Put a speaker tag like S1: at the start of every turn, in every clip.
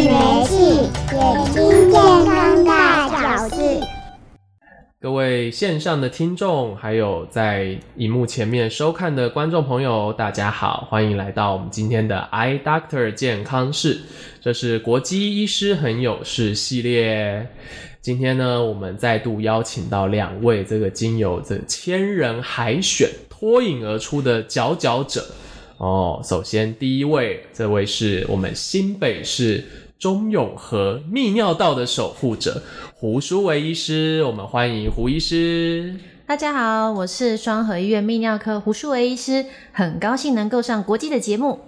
S1: 聯繫眼睛健
S2: 康大小事。各位線上的聽眾，還有在熒幕前面收看的觀眾朋友，大家好，歡迎來到我們今天的 I Doctor 健康室。這是國磯醫師很有視系列。今天呢，我們再度邀請到兩位這個經由這千人海選脫穎而出的佼佼者。哦，首先第一位，這位是我們新北市。中永和泌尿道的守護者胡書維醫師，我們歡迎胡醫師。
S3: 大家好，我是雙和醫院泌尿科胡書維醫師，很高興能夠上國磯的節目。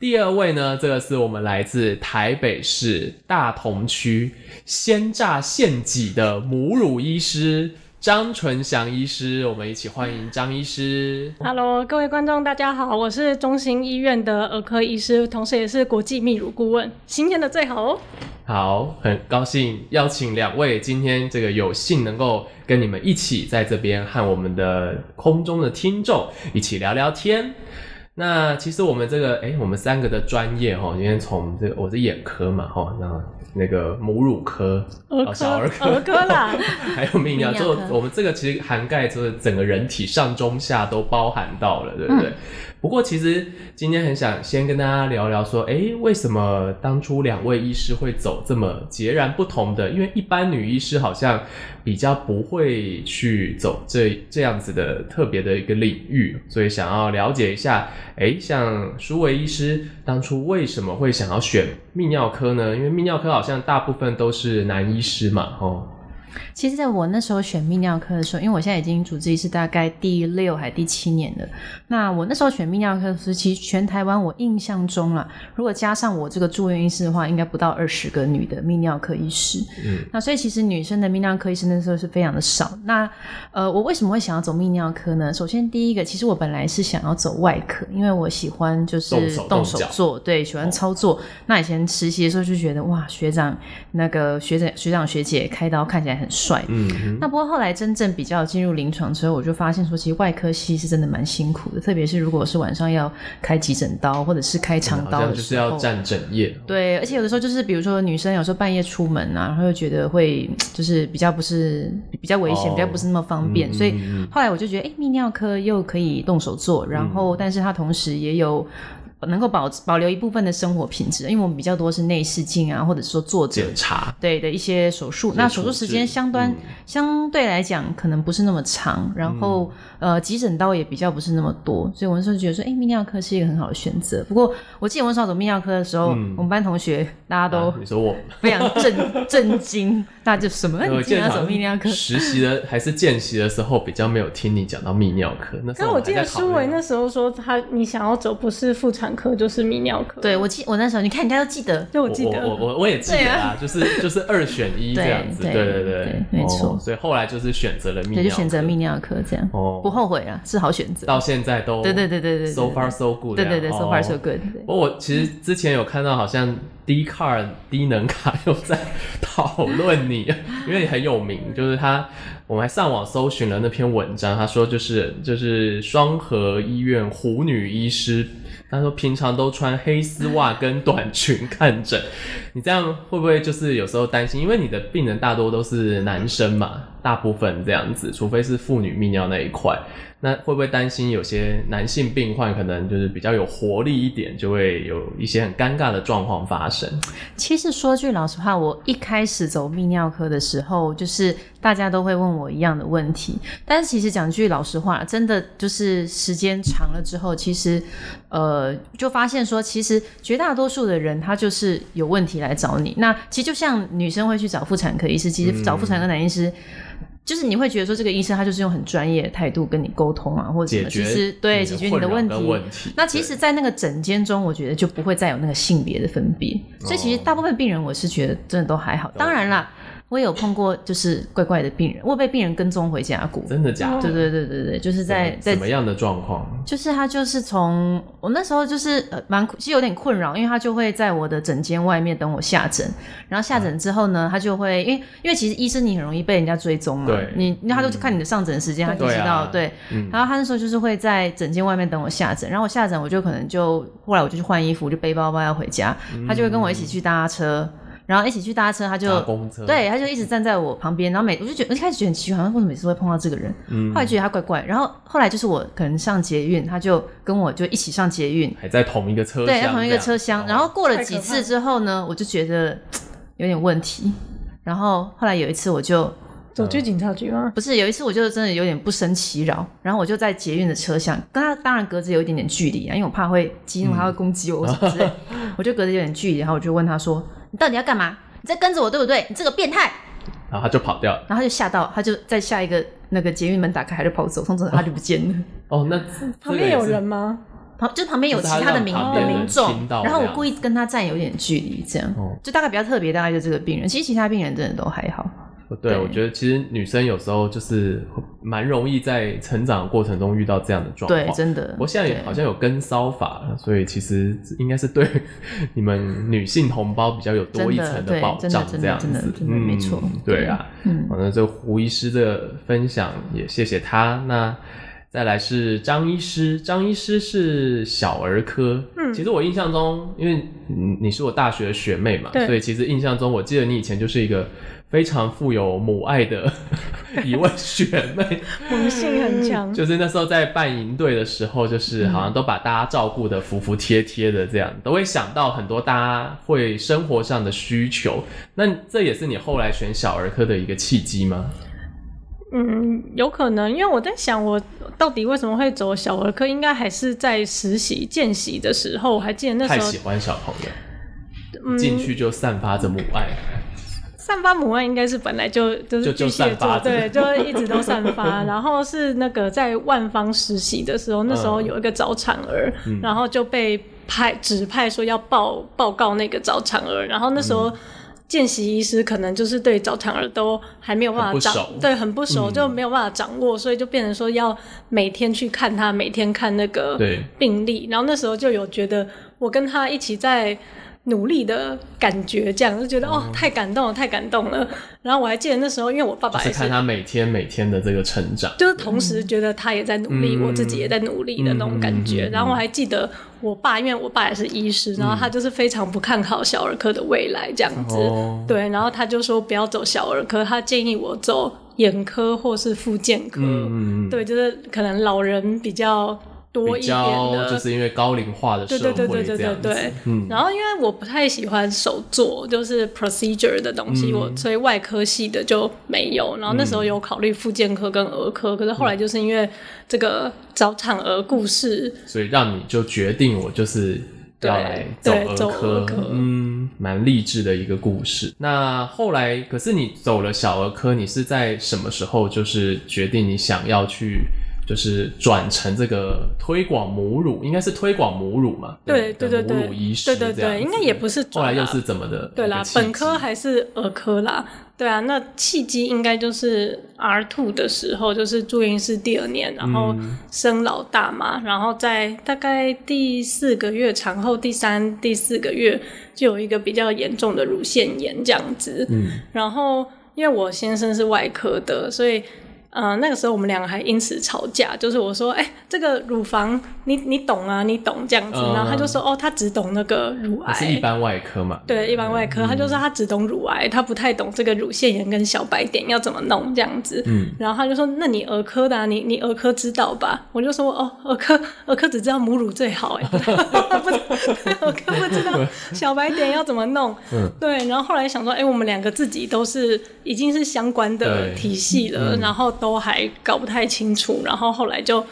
S2: 第二位呢，這個是我們來自台北市大同區現榨現擠的母乳醫師。張淳翔醫師，我們一起歡迎張醫師。
S1: Hello，各位觀眾，大家好，我是中心醫院的兒科醫師，同時也是國際泌乳顧問。新鮮的最好
S2: 哦。好，很高興邀請兩位，今天這個有幸能夠跟你們一起在這邊和我們的空中的聽眾一起聊聊天。那其實我們這個，誒、欸、我們三個的專業哈，因為從這個我是眼科嘛哈，那。那個母乳科、小兒科、兒、啊、科，科啦， 還有泌尿，泌尿科，就我們這個其實涵蓋就是整個人體上中下都包含到了，嗯、對不對，對？不過，其實今天很想先跟大家聊聊，說，誒，為什麼當初兩位醫師會走這麼截然不同的？因為一般女醫師好像比較不會去走這這樣子的特別的一個領域，所以想要了解一下，誒，像書維醫師當初為什麼會想要選泌尿科呢？因為泌尿科好像大部分都是男醫師嘛，吼。
S3: 其實，在我那時候選泌尿科的時候，因為我現在已經主治醫師大概第六還第七年了。那我那時候選泌尿科的時候，其實全台灣我印象中啊，如果加上我這個住院醫師的話，應該不到二十個女的泌尿科醫師。嗯。那所以其實女生的泌尿科醫師那時候是非常的少。那呃，我為什麼會想要走泌尿科呢？首先第一個，其實我本來是想要走外科，因為我喜歡就是動手做，動手動腳。對，喜歡操作。哦。那以前實習的時候就覺得哇，學長那個學長學長學姐開刀看起來。很帥，嗯哼，那不過後來真正比較進入臨床之後，我就發現說，其實外科系是真的蠻辛苦的，特別是如果是晚上要開急診刀或者是開長刀的時候，嗯、就是要
S2: 站整夜。
S3: 對，而且有的時候就是比如說女生有時候半夜出門啊，然後又覺得會就是比較不是比較危險，哦、比較不是那麼方便，嗯、哼所以後來我就覺得，哎，泌尿科又可以動手做，然後但是它同時也有、能夠保保留一部分的生活品質，因為我們比較多是內視鏡啊，或者說做檢查，對的一些手術。那手術時間相端，嗯、相對來講可能不是那麼長，然後、嗯、呃急診刀也比較不是那麼多，所以我們就覺得說，哎，欸，泌尿科是一個很好的選擇。不過我記得我，時候我走泌尿科的時候，嗯、我們班同學大家都你說
S2: 我非常、嗯、
S3: 震震驚，那就什麼？我見你記得要走泌尿科實
S2: 習的還是見習的時候，比較沒有聽你講到泌尿科。那時候我，我記得書維
S1: 那時候說他你想要走不是
S3: 婦產。科就是泌尿科，就我記我那時候，你看人家都記得，對
S2: 我記得，我我我也記得啊，就是就是二選一這樣子，對對對，沒錯，所以後來就是選擇了泌尿科，就選擇
S3: 泌尿科這樣，哦，不後悔啊，是好選擇，到現在都，對對對對對，so far so good，對對對，so far so good。不
S2: 過我其實之前有看到，好像 Dcard 低能卡又在討論你，因為你很有名，就是他，我們還上網搜尋了那篇文章，他說就是就是雙和醫院胡女醫師。他說，平常都穿黑絲襪跟短裙看診，你這樣會不會就是有時候擔心？因為你的病人大多都是男生嘛，大部分這樣子，除非是婦女泌尿那一塊。那會不會擔心有些男性病患可能就是比較有活力一點，就會有一些很尷尬的狀況發生？
S3: 其實說句老實話，我一開始走泌尿科的時候，就是大家都會問我一樣的問題。但是其實講句老實話，真的就是時間長了之後，其實，呃，就發現說，其實絕大多數的人他就是有問題來找你。那其實就像女生會去找婦產科醫師，其實找婦產科男醫師。嗯。就是你會覺得說這個醫生他就是用很專業的態度跟你溝通啊，或者什麼，其實對解決，解決你的問題，問題那其實，在那個診間中，我覺得就不會再有那個性別的分別。對所以其實大部分病人，我是覺得真的都還好。哦、當然了。我也有碰過，就是怪怪的病人，我有被病人跟蹤回家過。真的假的？對對
S2: 對對對，就是在什、欸、在麼樣的狀況？
S3: 就是他就是從我那時候就是蠻、呃、其實有點困擾，因為他就會在我的診間外面等我下診，然後下診之後呢，啊、他就會因為因為其實醫生你很容易被人家追蹤嘛、啊，對你因為他都是看你的上診時間，嗯、他就知道對、啊、對。然後他那時候就是會在診間外面等我下診，然後我下診我就可能就後來我就去換衣服，就背包包要回家，嗯、他就會跟我一起去搭車。然後一起去搭車，他就，對，他就一直站在我旁邊。然後每我就覺得一開始覺得很奇怪，為什麼每次會碰到這個人？嗯、後來覺得他怪怪。然後後來就是我可能上捷運，他就跟我就一起上捷運，還
S2: 在同一個車廂。對，在同一個車
S3: 廂。然後過了幾次之後呢，我就覺得有點問題。然後後來有一次我就走去警察局嗎？不是，有一次我就真的有點不勝其擾。然後我就在捷運的車廂跟他當然隔着有一點點距離啊，因為我怕會激怒他會攻擊我，嗯、什麼之類， 我就隔着有點距離。然後我就問他說。你到底要幹嘛？你在跟着我，對不對？你這個變態！然
S2: 後他就跑掉然
S3: 後他就嚇到，他就在下一個那個捷運門打開，還是跑走，從此他
S2: 就不見了。哦,哦，那 旁邊有人
S3: 嗎？旁就旁邊有其他的他他民民眾，然後我故意跟他站有點距離，這樣、嗯、就大概比較特別。大概就這個病人，其實其他病人真的都還好。
S2: 對，對我覺得其實女生有時候就是蠻容易在成長的過程中遇到這樣的狀況。對，真的。我現在也好像有跟騷法，對所以其實應該是對你們女性同胞比較有多一層的保障，這樣子。嗯，沒錯。對，對啊，反正這胡醫師的分享也謝謝他。那，再來是張醫師，張醫師是小兒科。嗯，其實我印象中，因為你你是我大學的學妹嘛，對所以其實印象中，我記得你以前就是一個非常富有母愛的 一位學妹， 母
S1: 性很強。就
S2: 是那時候在辦營隊的時候，就是好像都把大家照顧得服服帖帖的這樣，嗯、都會想到很多大家會生活上的需求。那這也是你後來選小兒科的一個契機嗎？
S1: 嗯，有可能，因為我在想，我到底為什麼會走小兒科，應該還是在實習見習的時候，我還記得那時候太喜
S2: 歡小朋友，
S1: 進、嗯、去
S2: 就散發着母愛，
S1: 散發母愛應該是本來就就是巨蟹座就，就散發着，對，就一直都散發。 然後是那個在萬方實習的時候，那時候有一個早產兒，嗯、然後就被派指派說要報報告那個早產兒，然後那時候。嗯見習醫師可能就是對早產兒都還沒有辦法掌，對很不熟，就沒有辦法掌握，所以就變成說要每天去看他，每天看那個病例。對然後那時候就有覺得，我跟他一起在。努力的感覺，這樣子就覺得哦，太感動了，太感動了。然後我還記得那時候，因為我爸爸也是，是看他
S2: 每天每天的這個成長，
S1: 就是同時覺得他也在努力，嗯、我自己也在努力的那種感覺。嗯嗯嗯、然後我還記得我爸，因為我爸也是醫師，然後他就是非常不看好小兒科的未來這樣子，嗯哦、對。然後他就說不要走小兒科，他建議我走眼科或是復健科，
S2: 嗯、對，
S1: 就是可能老人比較。多一點就
S2: 是因為高齡化的社會這樣子。嗯，然
S1: 後因為我不太喜歡手作，就是 procedure 的東西，嗯、我所以外科系的就沒有。然後那時候有考慮復健科跟兒科，嗯、可是後來就是因為這個早產兒故事，嗯、
S2: 所以讓你就決定我就是要來走兒科。兒科，嗯，蠻勵志的一個故事。那後來，可是你走了小兒科，你是在什麼時候就是決定你想要去？就是轉成這個推廣母乳，應該是推廣母乳嘛？對對對對，母乳儀食對對對，應該也不是轉。後來又是怎麼的？對
S1: 啦，本科還是兒科啦。對啊，那契機應該就是 R2 的時候，就是住院醫師第二年，然後生老大嘛，嗯、然後在大概第四個月，產後第三、第四個月就有一個比較嚴重的乳腺炎這樣子。嗯，然後因為我先生是外科的，所以。嗯、呃，那個時候我們兩個還因此吵架，就是我說，哎、欸，這個乳房你你懂啊，你懂這樣子，然後他就說，哦，他只懂那個乳癌，是一
S2: 般外科嘛，
S1: 對，一般外科，嗯、他就說他只懂乳癌，他不太懂這個乳腺炎跟小白點要怎麼弄這樣子，嗯，然後他就說，那你兒科的、啊，你你兒科知道吧？我就說，哦，兒科兒科只知道母乳最好、欸，哎，對，兒科不知道小白點要怎麼弄，嗯，對，然後後來想說，哎、欸，我們兩個自己都是已經是相關的體系了，嗯、然後。都還搞不太清楚，然後後來就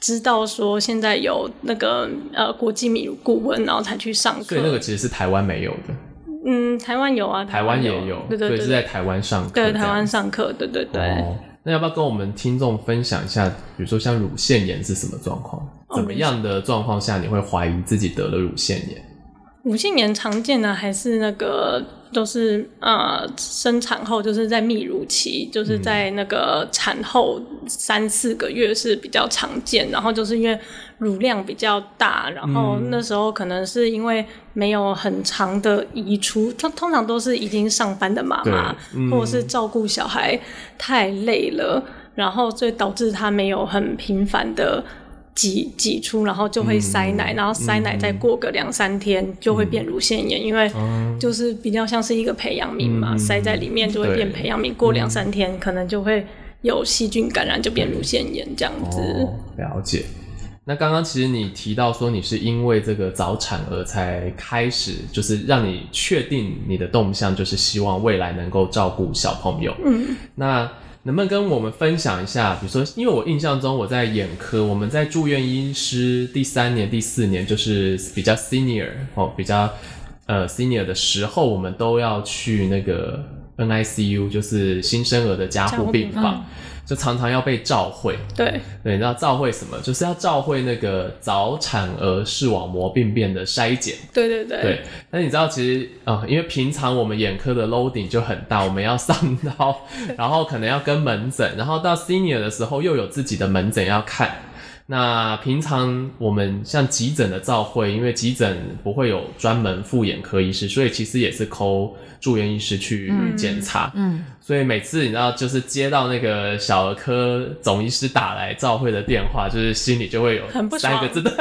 S1: 知道說現在有那個呃國際泌乳顧問，然後才去上課。所以那個
S2: 其實是台灣沒有的。
S1: 嗯，台灣有啊，台
S2: 灣也有，對，對，對，對，是在台灣上課。對，台
S1: 灣上課，對對對。Oh,
S2: 那要不要跟我們聽眾分享一下？比如說像乳腺炎是什麼狀況？怎麼樣的狀況下你會懷疑自己得了乳腺炎？
S1: 母性年常見的還是那個，都、就是呃生產後就是在泌乳期，就是在那個產後三四個月是比較常見。嗯、然後就是因為乳量比較大，然後那時候可能是因為沒有很長的移除，通常都是已經上班的媽媽、嗯、或者是照顧小孩太累了，然後所以導致她沒有很頻繁的。擠擠出，然後就會塞奶，嗯、然後塞奶再過個兩三天，嗯、就會變乳腺炎，因為就是比較像是一個培養皿嘛，嗯、塞在裡面就會變培養皿，嗯、過兩三天可能就會有細菌感染，就變乳腺炎對這樣子，哦。
S2: 了解。那剛剛其實你提到說，你是因為這個早產兒才開始，就是讓你確定你的動向，就是希望未來能夠照顧小朋友。嗯。那。能不能跟我們分享一下？比如說，因為我印象中，我在眼科，我們在住院醫師第三年、第四年，就是比較 senior 哦，比較呃 senior 的時候，我們都要去那個 NICU，就是新生兒的加護病房。就常常要被照會，對對，你知道照會什麼？就是要照會那個早產兒視網膜病變的篩檢。
S1: 對對對。對，
S2: 那你知道其實啊、嗯，因為平常我們眼科的 loading 就很大，我們要上刀， 對然後可能要跟門診，然後到 senior 的時候又有自己的門診要看。那平常我們像急診的照會，因為急診不會有專門副眼科醫師，所以其實也是 call 住院醫師去檢查。嗯。嗯所以每次你知道，就是接到那個小兒科總醫師打來照會的電話，就是心裡就會有三個字。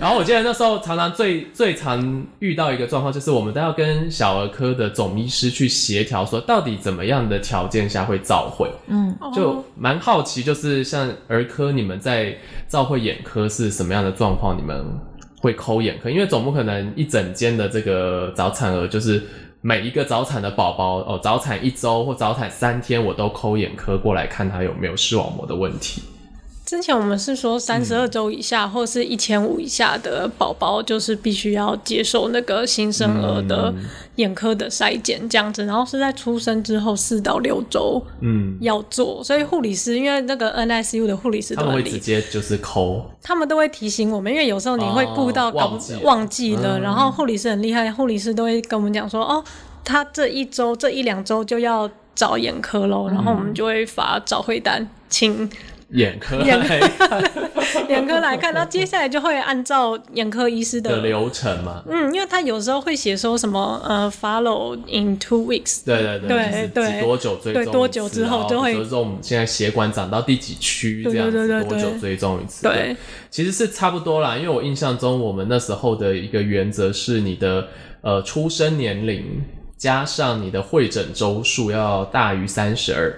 S2: 然後我記得那時候常常最最常遇到一個狀況，就是我們都要跟小兒科的總醫師去協調，說到底怎麼樣的條件下會照會。嗯，就蠻好奇，就是像兒科，你們在照會眼科是什麼樣的狀況？你們會摳眼科，因為總不可能一整間的這個早產兒就是。每一個早產的寶寶，哦，早產一周或早產三天，我都摳眼科過來看他有沒有視網膜的問題。
S1: 之前我們是說三十二週以下，嗯、或者是一千五以下的寶寶，就是必須要接受那個新生兒的眼科的篩檢，這樣子，嗯、然後是在出生之後四到六週，嗯，要做。嗯、所以護理師因為那個 NICU 的護理師理，都會直接
S2: 就是摳，
S1: 他們都會提醒我們，因為有時候你會顧到搞，哦、忘記了，記了嗯、然後護理師很厲害，護理師都會跟我們講說，哦，他這一週這一兩週就要找眼科咯。嗯」然後我們就會發照會單，請。
S2: 眼科眼 科
S1: 眼來 科來看，那接下來就會按照眼科醫師的，的流
S2: 程嘛？
S1: 嗯，因為他有時候會寫說什麼呃、uh，follow in two weeks。對對對，對多久追蹤、啊？對，多久之後就會比如說，
S2: 這種現在血管長到第幾區這樣子？對對對對多久追蹤一次？對，對，對，對，其實是差不多啦。因為我印象中，我們那時候的一個原則是，你的呃出生年齡加上你的會診周數要大於三十二。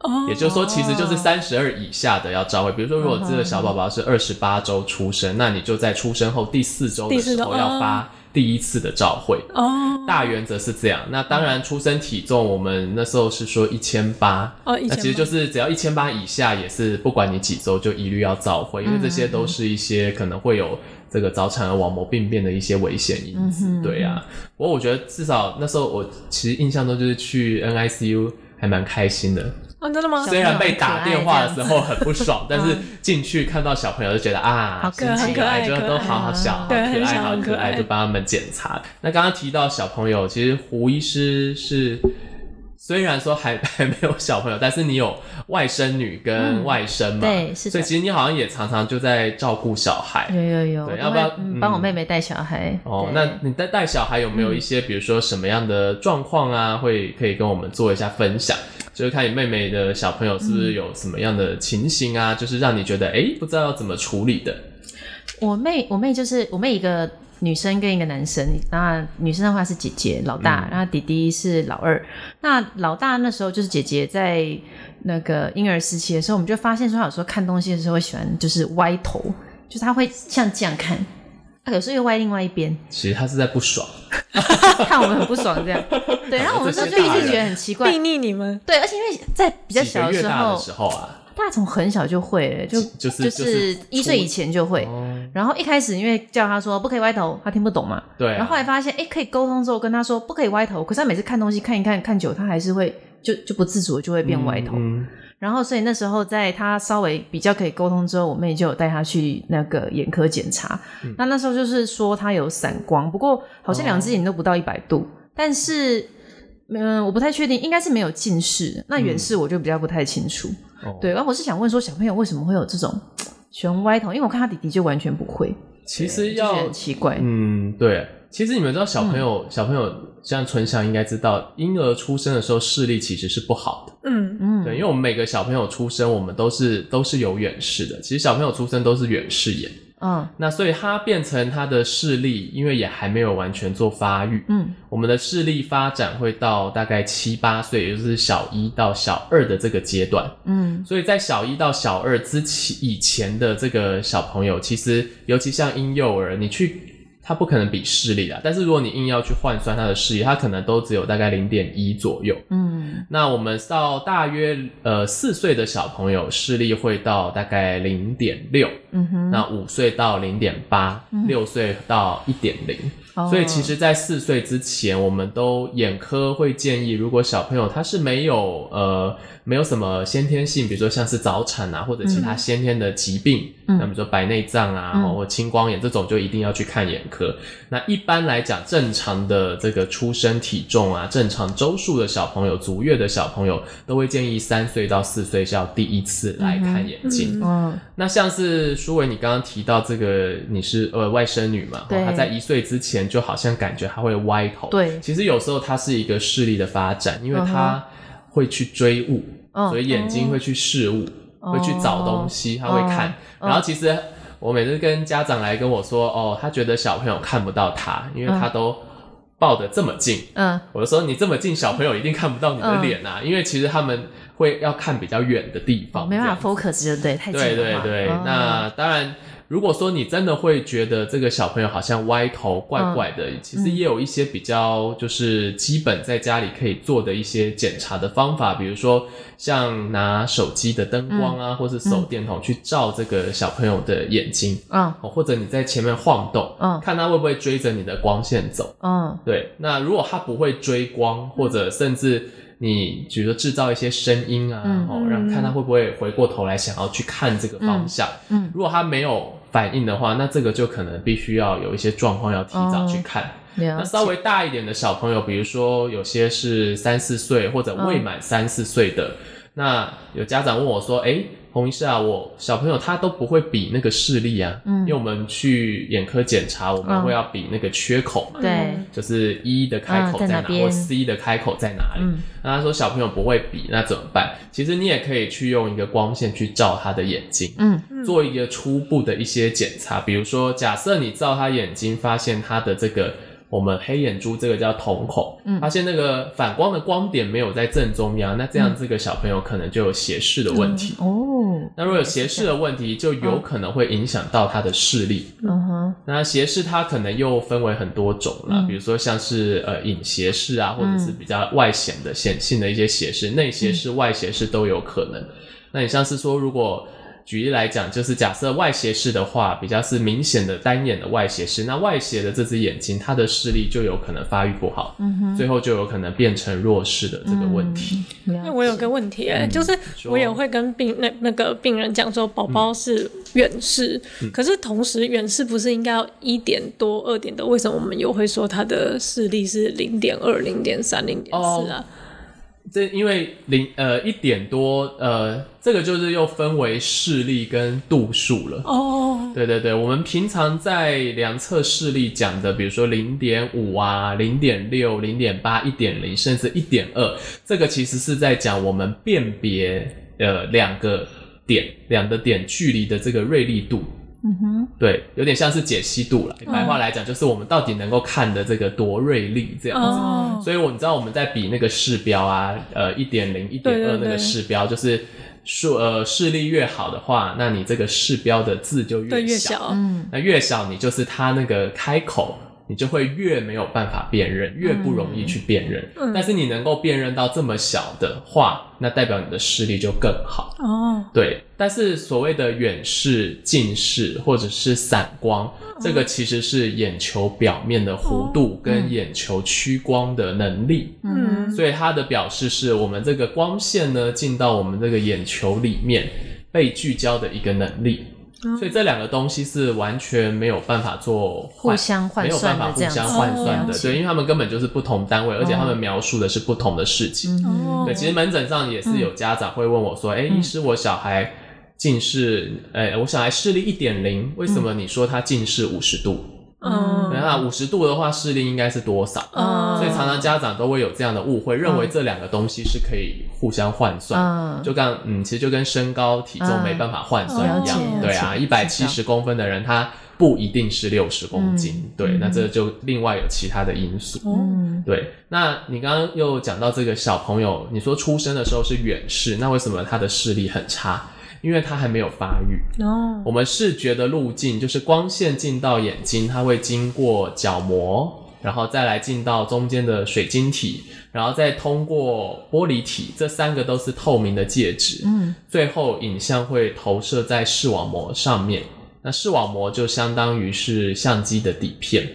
S2: Oh, 也就是說，其實就是三十二以下的要照會。Oh. 比如說，如果這個小寶寶是二十八周出生，oh. 那你就在出生後第四周的時候要發第一次的照會。哦，oh. oh. 大原則是這樣。那當然，出生體重我們那時候是說一千八，那其實就是只要一千八以下，也是不管你幾周就一律要照會，因為這些都是一些可能會有這個早產兒網膜病變的一些危險因子。Oh. 對啊，不過我覺得至少那時候我其實印象中就是去 NICU 還蠻開心的。
S1: 真的嗎？雖然被打電話的時候很不爽，但是
S2: 進去看到小朋友就覺得啊，好可愛，就都好好想，好可愛好可愛，就幫他們檢查。那剛剛提到小朋友，其實胡醫師是雖然說還還沒有小朋友，但是你有外甥女跟外甥嘛，對，是。所以其實你好像也常常就在照顧小孩，
S3: 有有有，要不要幫我妹妹帶小孩？哦，
S2: 那你帶帶小孩有沒有一些，比如說什麼樣的狀況啊，會可以跟我們做一下分享？就是看你妹妹的小朋友是不是有什麼樣的情形啊？嗯、就是讓你覺得誒、欸、不知道要怎麼處理的。
S3: 我妹，我妹就是我妹，一個女生跟一個男生。那女生的話是姐姐老大，嗯、然後弟弟是老二。那老大那時候就是姐姐在那個嬰兒時期的時候，我們就發現說，她有時候看東西的時候會喜歡就是歪頭，就是她會像這樣看。有時候又歪另外一邊，
S2: 其實他是在不爽，
S3: 看我們很不爽這樣， 對。然後我們就一直覺得很奇怪，對立你們對，而且因為在比較小的時候，大從、啊、很小就會，就、就是、就是一歲以前就會。哦、然後一開始因為叫他說不可以歪頭，他聽不懂嘛，對、啊。然後後來發現哎、欸、可以溝通之後跟他說不可以歪頭，可是他每次看東西看一看看久，他還是會就就不自主的就會變歪頭。嗯嗯然後，所以那時候在他稍微比較可以溝通之後，我妹就有帶他去那個眼科檢查。嗯、那那時候就是說他有散光，不過好像兩隻眼都不到一百度，哦、但是嗯，我不太確定，應該是沒有近視。那遠視我就比較不太清楚。嗯、對，哦、然後我是想問說，小朋友為什麼會有這種喜歡歪頭？因為我看他弟弟就完全不會。
S2: 其實要就很奇怪，嗯，對。其實你們知道，小朋友，嗯、小朋友像淳翔應該知道，嬰兒出生的時候視力其實是不好的。嗯嗯。嗯對，因為我們每個小朋友出生，我們都是都是有遠視的。其實小朋友出生都是遠視眼。嗯。那所以他變成他的視力，因為也還沒有完全做發育。嗯。我們的視力發展會到大概七八歲，也就是小一到小二的這個階段。嗯。所以在小一到小二之前以前的這個小朋友，其實尤其像嬰幼兒，你去。他不可能比視力啊，但是如果你硬要去換算他的視力，他可能都只有大概零點一左右。嗯，那我們到大約呃四歲的小朋友視力會到大概零點六，嗯哼，那五歲到零點八，六歲到一點零。嗯哼。所以其實，在四歲之前，我們都眼科會建議，如果小朋友他是沒有呃沒有什麼先天性，比如說像是早產啊或者其他先天的疾病，
S3: 嗯、那比如說
S2: 白內障啊、嗯、或青光眼這種，就一定要去看眼科。嗯、那一般來講，正常的這個出生體重啊，正常周數的小朋友，足月的小朋友，都會建議三歲到四歲是要第一次來看眼睛。嗯嗯、那像是書維，你剛剛提到這個你是呃外甥女嘛？哦、對，她在一歲之前。就好像感覺他會歪頭，對，其實有時候他是一個視力的發展，因為他會去追物，所以眼睛會去視物，會去找東西，他會看。然後其實我每次跟家長來跟我說，哦，他覺得小朋友看不到他，因為他都抱得這麼近。嗯，我就說你這麼近，小朋友一定看不到你的臉啊，因為其實他們會要看比較遠的地方，沒
S3: 辦法 focus 的，對，太近了，對對對，那
S2: 當然。如果說你真的會覺得這個小朋友好像歪頭怪怪的，哦、其實也有一些比較就是基本在家裡可以做的一些檢查的方法，嗯、比如說像拿手機的燈光啊，嗯、或是手電筒去照這個小朋友的眼睛，嗯、哦，或者你在前面晃動，嗯、哦，看他會不會追着你的光線走，嗯，對。那如果他不會追光，嗯、或者甚至你比如說製造一些聲音啊，嗯、哦，然後讓他看他會不會回過頭來想要去看這個方向，嗯，嗯如果他沒有。反應的話，那這個就可能必須要有一些狀況要提早去看。Oh, 那稍微大一點的小朋友，比如說有些是三四歲或者未滿三四歲的，Oh. 那有家長問我說：“誒、欸。同一下，啊，我小朋友他都不會比那個視力啊，嗯、因為我們去眼科檢查，我們會要比那個缺口嘛、嗯，對，就是 E 的開口在哪，嗯、在哪或 C 的開口在哪裡。嗯、那他說小朋友不會比，那怎麼辦？其實你也可以去用一個光線去照他的眼睛，嗯，嗯做一個初步的一些檢查。比如說，假設你照他眼睛，發現他的這個。我們黑眼珠這個叫瞳孔。發現那個反光的光點沒有在正中央，嗯、那這樣這個小朋友可能就有斜視的問題。嗯、哦，那如果有斜視的問題，就有可能會影響到他的視力。嗯
S3: 哼，
S2: 那斜視它可能又分為很多種啦，嗯、比如說像是呃隱斜視啊，或者是比較外顯的顯性的一些斜視，內斜視、嗯、外斜視都有可能。嗯、那你像是說如果，舉例來講，就是假設外斜視的話，比較是明顯的單眼的外斜視，那外斜的這隻眼睛，它的視力就有可能發育不好，嗯、哼最後就有可能變成弱視的這個問題。
S1: 那、嗯、我有個問題，嗯、就是我也會跟病那那個病人講說，寶寶是遠視，嗯嗯、可是同時遠視不是應該要一點多、二點多？為什麼我們又會說他的視力是零點二、零點三、零點四啊？哦
S2: 這因為零呃一點多呃，這個就是又分為視力跟度數了。哦，oh. 對對對，我們平常在量測視力講的，比如說零點五啊、零點六、零點八、一點零，甚至一點二，這個其實是在講我們辨別呃兩個點、兩個點距離的這個銳利度。嗯哼，對，有點像是解析度了。白話來講，就是我們到底能夠看的這個多銳利這樣子。哦、所以，我你知道我們在比那個視標啊，呃，一點零、一點二那個視標，就是視呃視力越好的話，那你這個視標的字就越小。嗯，越小那越小你就是它那個開口。你就會越沒有辦法辨認，越不容易去辨認。嗯嗯、但是你能夠辨認到這麼小的話，那代表你的視力就更好。哦，對。但是所謂的遠視、近視或者是散光，嗯、這個其實是眼球表面的弧度跟眼球屈光的能力。嗯，所以它的表示是我們這個光線呢，進到我們這個眼球裡面被聚焦的一個能力。所以這兩個東西是完全沒有辦法做
S3: 互相換算的，沒有辦法互相換算的。哦、對，因
S2: 為他們根本就是不同單位，嗯、而且他們描述的是不同的事情。嗯、對，其實門診上也是有家長會問我說：“哎、嗯欸，醫師，我小孩近視，哎、欸，我小孩視力一點零，為什麼你說他近視五十度？”嗯嗯，那五十度的話，視力應該是多少？嗯、所以常常家長都會有這樣的誤會，認為這兩個東西是可以互相換算。嗯嗯、就剛嗯，其實就跟身高體重沒辦法換算一樣，嗯、對啊，一百七十公分的人，他不一定是六十公斤，嗯、對，那這就另外有其他的因素。嗯，對，那你剛剛又講到這個小朋友，你說出生的時候是遠視，那為什麼他的視力很差？因為它還沒有發育哦。Oh. 我們視覺的路徑就是光線進到眼睛，它會經過角膜，然後再來進到中間的水晶體，然後再通過玻璃體，這三個都是透明的介質。嗯，mm. 最後影像會投射在視網膜上面。那視網膜就相當於是相機的底片。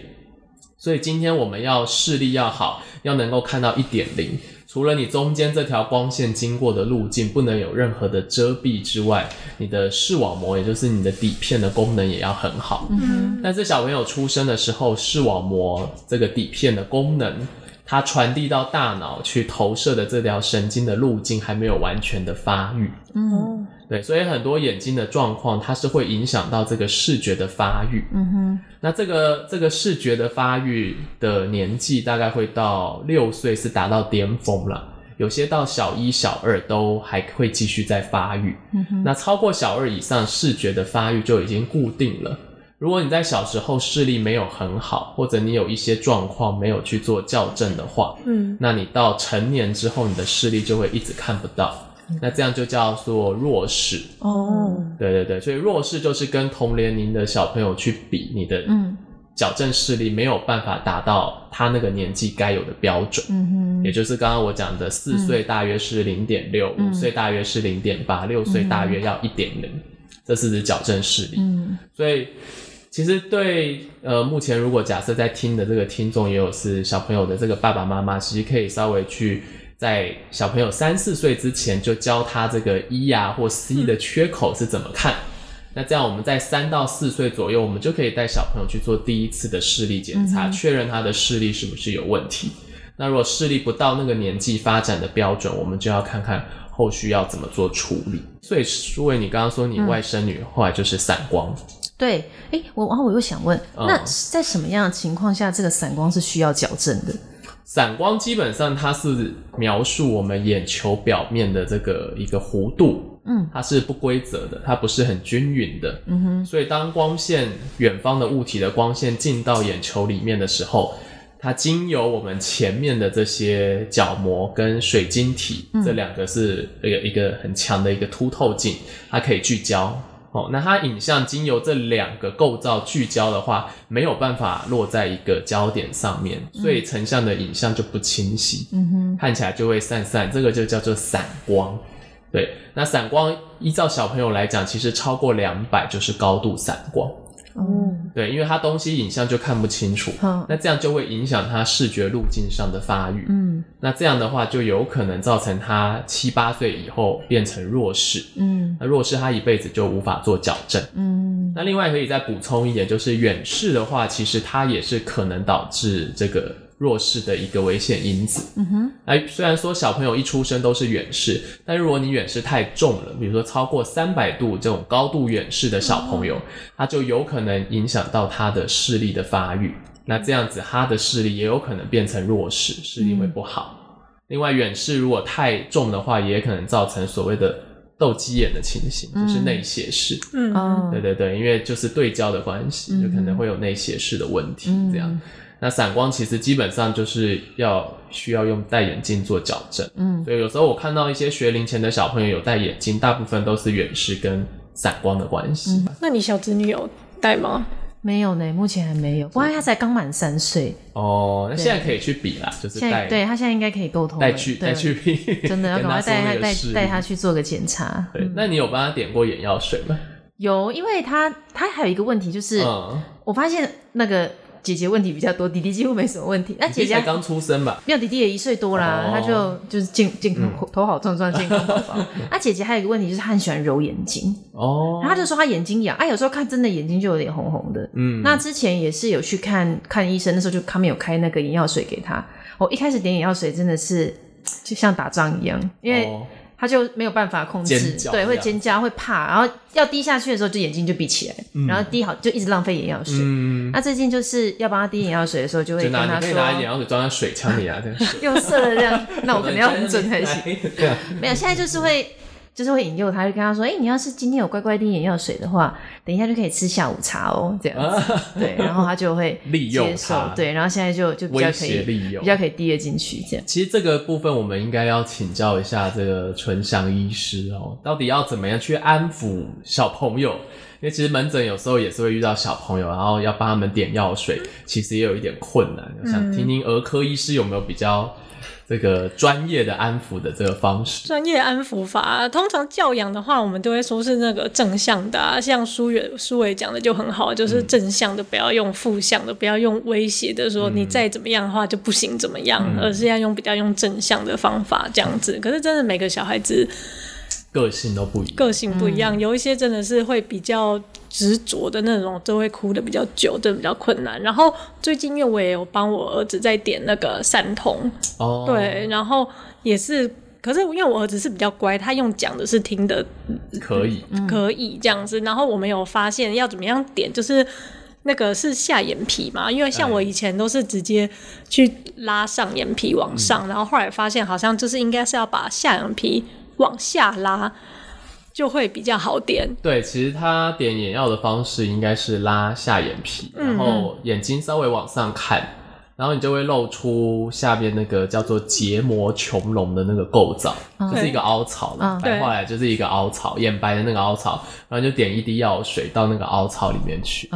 S2: 所以今天我們要視力要好，要能夠看到一點零。除了你中間這條光線經過的路徑不能有任何的遮蔽之外，你的視網膜，也就是你的底片的功能也要很好。嗯哼，但是小朋友出生的時候，視網膜這個底片的功能，它傳遞到大腦去投射的這條神經的路徑還沒有完全的發育。嗯。對，所以很多眼睛的狀況，它是會影響到這個視覺的發育。嗯哼，那這個這個視覺的發育的年紀大概會到六歲是達到巔峰了，有些到小一小二都還會繼續在發育。嗯哼，那超過小二以上，視覺的發育就已經固定了。如果你在小時候視力沒有很好，或者你有一些狀況沒有去做校正的話，嗯，那你到成年之後，你的視力就會一直看不到。那這樣就叫做弱視哦，Oh. 對對對，所以弱視就是跟同年齡的小朋友去比，你的矯正視力沒有辦法達到他那個年紀該有的標準，嗯、mm-hmm. 也就是剛剛我講的，四歲大約是零點六，hmm. 五歲大約是零點八，hmm. 六歲大約要一點零，hmm. 這是指矯正視力。嗯、mm，hmm. 所以其實對呃，目前如果假設在聽的這個聽眾也有是小朋友的這個爸爸媽媽，其實可以稍微去。在小朋友三四歲之前就教他這個一、ER、呀或 C 的缺口、嗯、是怎麼看，那這樣我們在三到四歲左右，我們就可以帶小朋友去做第一次的視力檢查，確、嗯、哼認他的視力是不是有問題。那如果視力不到那個年紀發展的標準，我們就要看看後續要怎麼做處理。所以書維，你剛剛說你外甥女、嗯、後來就是散光，
S3: 對，哎、欸，我然後我又想問，嗯、那在什麼樣的情況下這個散光是需要矯正的？
S2: 散光基本上它是描述我們眼球表面的這個一個弧度，嗯，它是不規則的，它不是很均勻的，嗯哼。所以當光線遠方的物體的光線進到眼球裡面的時候，它經由我們前面的這些角膜跟水晶體、嗯、這兩個是一個一個很強的一個凸透鏡，它可以聚焦。哦，那它影像經由這兩個構造聚焦的話，沒有辦法落在一個焦點上面，所以成像的影像就不清晰，嗯哼，看起來就會散散，這個就叫做散光。對，那散光依照小朋友來講，其實超過兩百就是高度散光。哦，oh. 對，因為他東西影像就看不清楚，oh. 那這樣就會影響他視覺路徑上的發育，嗯，那這樣的話就有可能造成他七八歲以後變成弱視，嗯，那弱視他一輩子就無法做矯正，嗯，那另外可以再補充一點，就是遠視的話，其實它也是可能導致這個弱視的一個危險因子。嗯哼，那雖然說小朋友一出生都是遠視，但如果你遠視太重了，比如說超過三百度這種高度遠視的小朋友，哦、他就有可能影響到他的視力的發育。那這樣子，他的視力也有可能變成弱視，視力會不好。嗯、另外，遠視如果太重的話，也可能造成所謂的鬥雞眼的情形，嗯、就是內斜視。嗯，對對對，因為就是對焦的關係，嗯、哼就可能會有內斜視的問題。嗯、哼這樣。那散光其實基本上就是要需要用戴眼鏡做矯正，嗯，所以有時候我看到一些學齡前的小朋友有戴眼鏡，大部分都是遠視跟散光的關
S3: 係、嗯。那你小侄女有戴嗎、嗯？沒有呢，目前還沒有，不過她才剛滿三歲。
S2: 對哦，那現在可以去比啦，就是帶，對他
S3: 現在應該可以溝通，帶去帶對去比
S2: 真的 要趕快帶帶帶他
S3: 去做個檢查。嗯、對，
S2: 那你有幫他點過眼藥水嗎？
S3: 有，因為他他還有一個問題就是，嗯、我發現那個。姐姐問題比較多，弟弟幾乎沒什麼問題。那、啊、姐姐剛出生吧，沒有，弟弟也一歲多啦。哦、他就就是健康健康，嗯、頭好壯壯，健康寶寶。 啊，姐姐還有一個問題就是他很喜歡揉眼睛，哦，然後他就說他眼睛癢，啊，有時候看真的眼睛就有點紅紅的。嗯，那之前也是有去看看醫生，那時候就他們有開那個眼藥水給他。我一開始點眼藥水真的是就像打仗一樣，因為。哦他就沒有辦法控制，尖叫 對，會尖叫，會怕，然後要滴下去的時候就眼睛就閉起來，嗯、然後滴好就一直浪費眼藥水。嗯、那最近就是要幫他滴眼藥水的時候，就會就拿跟他說，可以拿眼
S2: 藥水裝在水槍裡啊，
S3: 又射了這樣。用色量，那我肯定要很準才行。沒,是沒有，現在就是會。就是會引誘他，就跟他說，哎、欸，你要是今天有乖乖滴眼藥水的話，等一下就可以吃下午茶哦、喔，這樣子，對，然後他就會接受， 利用他對，然後現在就就比較可以利用比較可以滴得進去。這樣。
S2: 其實這個部分我們應該要請教一下這個淳翔醫師哦、喔，到底要怎麼樣去安撫小朋友？因為其實門診有時候也是會遇到小朋友，然後要幫他們點藥水，其實也有一點困難，嗯、我想聽聽兒科醫師有沒有比較。這個專業的安撫的這個方式，
S1: 專業安撫法，通常教養的話，我們都會說是那個正向的。啊，像書維、書維講的就很好，嗯、就是正向的，不要用負向的，不要用威脅的，說你再怎麼樣的話就不行，怎麼樣，嗯、而是要用比較用正向的方法這樣子。嗯、可是真的每個小孩子，
S2: 個性都不一樣，
S1: 個性不一樣，嗯、有一些真的是會比較執着的那種，就會哭的比較久，就比較困難。然後最近因為我也有幫我兒子在點那個散瞳，哦、對，然後也是，可是因為我兒子是比較乖，他用講的是聽的，
S2: 可以，
S1: 嗯，可以這樣子。然後我們有發現要怎麼樣點，就是那個是下眼皮嘛，因為像我以前都是直接去拉上眼皮往上，哎嗯，然後後來發現好像就是應該是要把下眼皮。往下拉就會比較好點。
S2: 對，其實他點眼藥的方式應該是拉下眼皮，嗯，然後眼睛稍微往上看。然後你就會露出下邊那個叫做結膜穹隆的那個構造，就是一個凹槽，白話來就是一個凹槽，眼白的那個凹槽，然後就點一滴藥水到那個凹槽裡面去，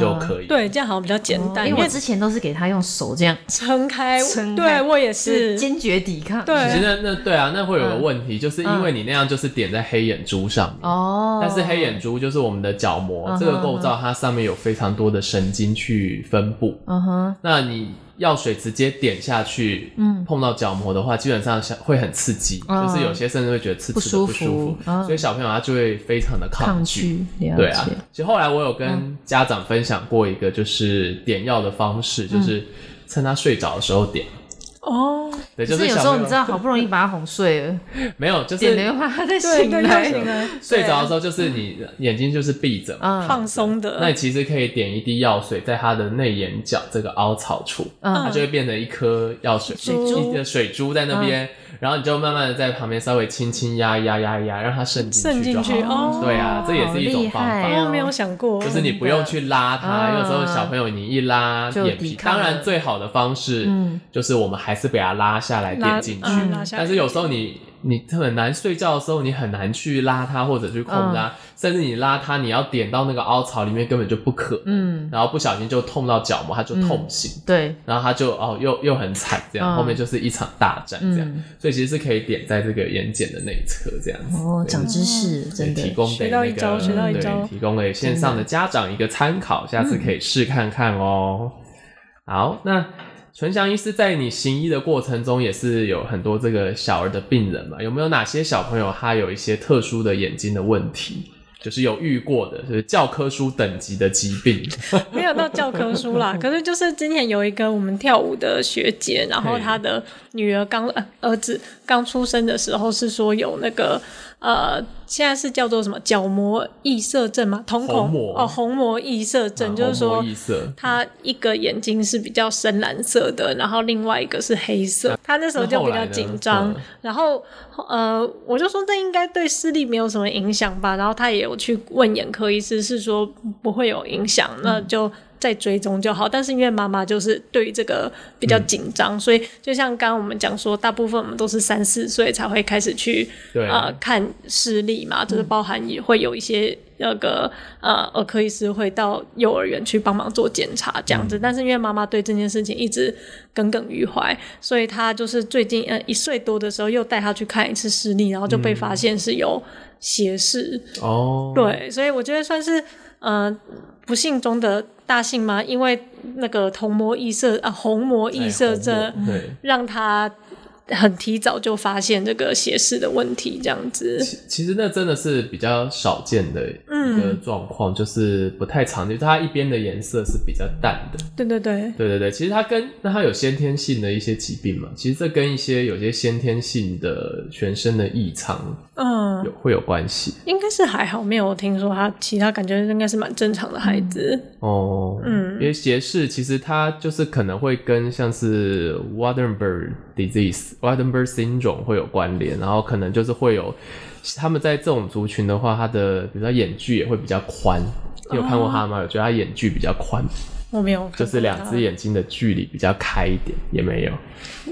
S3: 就可以。對，這樣好像比較簡單，因為我之前都是給他用手這樣撐開，撐開，我也是堅決抵抗。對，其實
S2: 那那對啊，那會有個問題，就是因為你那樣就是點在黑眼珠上面，哦，但是黑眼珠就是我們的角膜這個構造，它上面有非常多的神經去分布，嗯哼，那你。藥水直接點下去，嗯，碰到角膜的話，基本上會很刺激，嗯、就是有些甚至會覺得刺刺的不舒服，不舒服嗯、所以小朋友他就會非常的抗拒。抗拒對啊，其實後來我有跟家長分享過一個，就是點藥的方式，嗯、就是趁他睡着的時候點。哦，對，就是有時候你知道，
S3: 好不容易把他哄睡了，
S2: 沒有，就是點的
S3: 話他在醒來。睡着的
S2: 時候就是你眼睛就是閉着，放
S3: 鬆的。那你
S2: 其實可以點一滴藥水，在他的內眼角這個凹槽處，它就會變成一顆藥水，一個水珠在那邊，然後你就慢慢的在旁邊稍微輕輕壓壓壓壓，讓它滲進去就好。滲進去哦，對啊，這也是一種方法。沒有沒
S1: 有想過，就是你
S2: 不用去拉他，有時候小朋友你一拉眼皮，當然最好的方式就是我們還。是被它拉下來點進去，但是有時候你你很難睡覺的時候，你很難去拉它或者去控它，甚至你拉它，你要點到那個凹槽裡面根本就不可。嗯，然後不小心就痛到角膜，它就痛醒。對，然後他就哦，又又很慘，這樣後面就是一場大戰這樣。所以其實是可以點在這個眼瞼的內側這樣子。哦，長知識，對，提供給那個對，提供給線上的家長一個參考，下次可以試看看哦。好，那。淳翔醫師在你行醫的過程中，也是有很多這個小兒的病人嘛？有沒有哪些小朋友他有一些特殊的眼睛的問題，就是有遇過的，就是教科書等級的疾病？
S1: 沒有到教科書啦， 可是就是今年有一個我們跳舞的學姐，然後她的女兒剛嘿、呃、兒子剛出生的時候是說有那個。呃，現在是叫做什麼角膜異色症嘛？瞳孔虹膜哦，虹膜異色症、嗯、虹膜異色就是說，他一個眼睛是比較深藍色的，然後另外一個是黑色。嗯、他那時候就比較緊張，後嗯、然後呃，我就說這應該對視力沒有什麼影響吧。然後他也有去問眼科醫師，是說不會有影響，那就。嗯在追蹤就好，但是因為媽媽就是對於這個比較緊張，嗯、所以就像剛剛我們講說，大部分我們都是三四歲才會開始去對啊、呃、看視力嘛，嗯、就是包含也會有一些那個呃兒科醫師會到幼兒園去幫忙做檢查這樣子。嗯、但是因為媽媽對這件事情一直耿耿於懷，所以她就是最近呃一歲多的時候又帶他去看一次視力，然後就被發現是有斜視。嗯、
S2: 對哦，對，
S1: 所以我覺得算是呃不幸中的。大興嗎？因為那個同模異色啊，虹膜異色這，讓他。很提早就發現這個斜視的問題，這樣子。其
S2: 其實那真的是比較少見的一個狀況，嗯、就是不太常見。就是、它一邊的顏色是比較淡的。
S1: 對對對，
S2: 對對對。其實它跟，那它有先天性的一些疾病嘛？其實這跟一些有些先天性的全身的異常，嗯，有會有關係。
S1: 應該是還好，沒有聽說他其他感覺應該是蠻正常的孩子。
S2: 嗯、哦，嗯，因為斜視其實它就是可能會跟像是 Waardenburg disease，Waardenburg syndrome 會有關聯，然後可能就是會有，他們在這種族群的話，他的比如說眼距也會比較寬。Oh. 你有看過他嗎？我覺得他眼距比較寬？
S1: 我沒有看，就是兩隻眼
S2: 睛的距離比較開一點，也沒有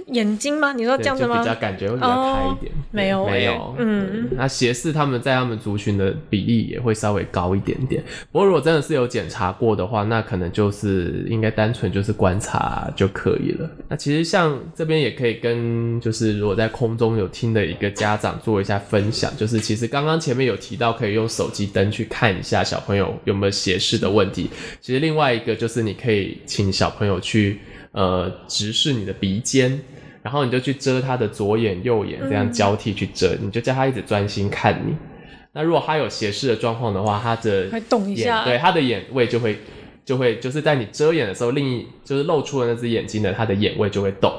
S1: 眼睛嗎？你說這樣子嗎？對，就比較
S2: 感覺會比較開一
S1: 點，oh, 對沒有、欸、沒有，
S2: 嗯，那斜視他們在他們族群的比例也會稍微高一點點。不過如果真的是有檢查過的話，那可能就是應該單純就是觀察就可以了。那其實像這邊也可以跟就是如果在空中有聽的一個家長做一下分享，就是其實剛剛前面有提到可以用手機燈去看一下小朋友有沒有斜視的問題。其實另外一個就是。你可以請小朋友去，呃，直視你的鼻尖，然後你就去遮他的左眼、右眼，這樣交替去遮，嗯、你就叫他一直專心看你。那如果他有斜視的狀況的話，他的會
S1: 動一下，對，
S2: 他的眼位就會就會就是在你遮眼的時候，另一就是露出的那隻眼睛的，他的眼位就會動。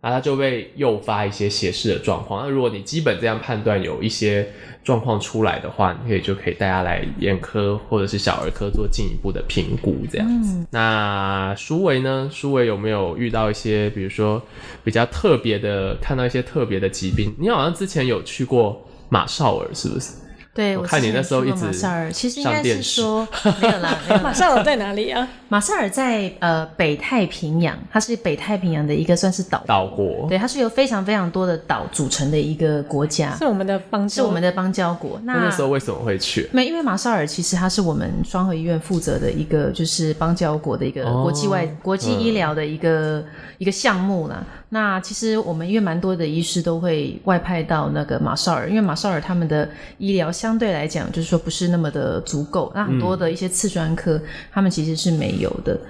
S2: 那、啊、他就被誘發一些斜視的狀況。那、啊、如果你基本這樣判斷有一些狀況出來的話，你可以就可以帶他來眼科或者是小兒科做進一步的評估這樣子。嗯、那書維呢？書維有沒有遇到一些比如說比較特別的，看到一些特別的疾病？你好像之前有去過馬紹爾，是不是？對，我看你那時候一直上電視。其實應該是說，沒有
S3: 啦，沒有啦。馬紹爾在哪裡啊？馬紹爾在呃北太平洋，它是北太平洋的一個算是島島國，對，它是由非常非常多的島組成的一個國家，是我們的邦是我們的邦交國。那，那那時候
S2: 為什麼會去？
S3: 沒，因為馬紹爾其實它是我們雙和醫院負責的一個就是邦交國的一個國際外、哦嗯、國際醫療的一個一個項目啦。那其實我們因為蠻多的醫師都會外派到那個馬紹爾，因為馬紹爾他們的醫療相對來講，就是說不是那麼的足夠。那很多的一些次專科，他們其實是沒有的。嗯、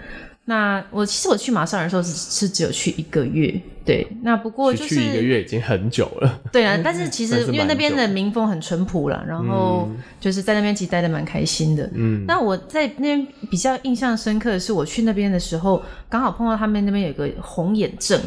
S3: 那我其實我去馬紹爾的時候是是只有去一個月，對。那不過就是去，去一個月
S2: 已經很久了。
S3: 對啊，嗯、但是其實因為那邊的民風很淳樸啦，了然後就是在那邊其實待得蠻開心的。嗯。那我在那邊比較印象深刻的是，我去那邊的時候剛好碰到他們那邊有個紅眼症。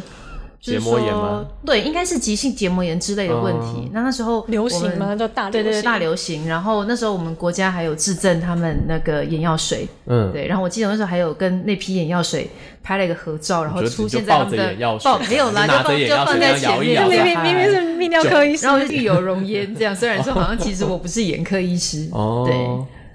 S3: 結膜炎嗎？對，應該是急性結膜炎之類的問題。那那時候流行嘛，叫大流行。對對對，大流行。然後那時候我們國家還有致贈他們那個眼藥水。嗯。對，然後我記得那時候還有跟那批眼藥水拍了一個合照，然後出現在他們的。眼藥水。沒有啦，就就放在前面。明明明明是泌尿科醫生，然後就有容顏這樣。雖然說好像其實我不是眼科醫師。
S2: 哦。對。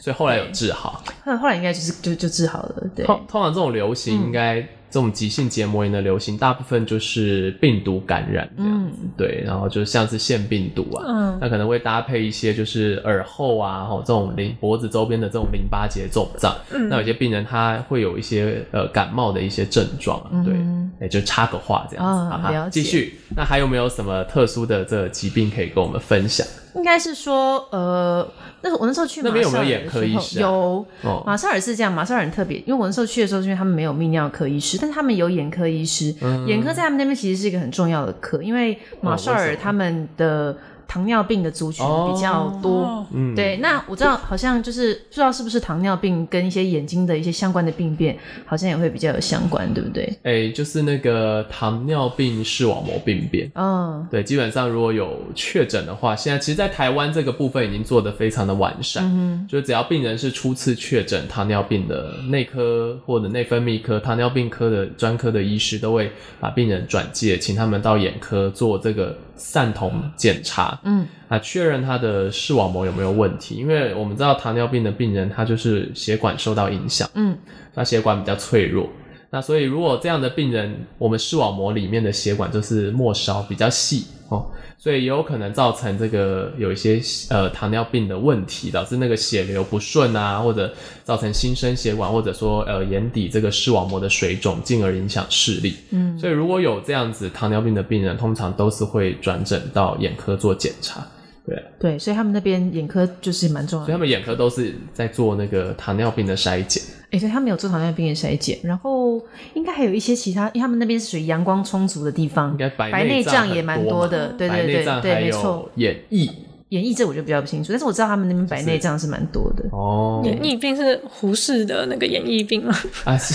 S2: 所以後來有治好。
S3: 後來應該就是就就治好了。對。
S2: 通常這種流行應該。這種急性結膜炎的流行，大部分就是病毒感染這樣子，嗯、對，然後就像是腺病毒啊，嗯、那可能會搭配一些就是耳後啊，吼這種淋巴脖子周邊的這種淋巴結腫脹，嗯、那有些病人他會有一些呃感冒的一些症狀、啊，嗯、對，也、欸、就插個話這樣子，好，繼續，那還有沒有什麼特殊的這個疾病可以跟我們分享？
S3: 應該是說，呃，那我那時候去馬紹爾的時候，那邊有沒有眼科醫師啊？有，馬紹爾是這樣，馬紹爾很特別，因為我那時候去的時候，是因為他們沒有泌尿科醫師，但他們有眼科醫師，嗯嗯，眼科在他們那邊其實是一個很重要的科，因為馬紹爾他們的。糖尿病的族群比較多，哦、嗯，對，那我知道好像就是不知道是不是糖尿病跟一些眼睛的一些相關的病變，好像也會比較有相關，對不對？
S2: 哎、欸，就是那個糖尿病視網膜病變，嗯、哦，對，基本上如果有確診的話，現在其實，在台灣這個部分已經做得非常的完善，嗯哼，就只要病人是初次確診糖尿病的內科或者內分泌科、糖尿病科的專科的醫師，都會把病人轉介，請他們到眼科做這個。散瞳檢查，嗯啊，確認他的視網膜有沒有問題，因為我們知道糖尿病的病人，他就是血管受到影響，嗯，他血管比較脆弱，那所以如果這樣的病人，我們視網膜裡面的血管就是末梢比較細哦。所以也有可能造成這個有一些呃糖尿病的問題，導致那個血流不順啊，或者造成新生血管，或者說呃眼底這個視網膜的水腫，進而影響視力。嗯，所以如果有這樣子糖尿病的病人，通常都是會轉診到眼科做檢查。對啊，
S3: 對，所以他們那邊眼科就是蠻重要的，
S2: 所以他們眼科都是在做那個糖尿病的篩檢。
S3: 誒，對，他們有做糖尿病的篩檢，然後應該還有一些其他，因為他們那邊是屬於陽光充足的地方，
S2: 應該白內，白內障也蠻多的，對對對對，眼翳沒錯，眼
S3: 翳。眼翳這我就比較不清楚，但是我知道他們那邊白內障是
S2: 蠻多的。哦，眼翳
S3: 病是胡適的那個眼翳病嗎？
S2: 啊，是，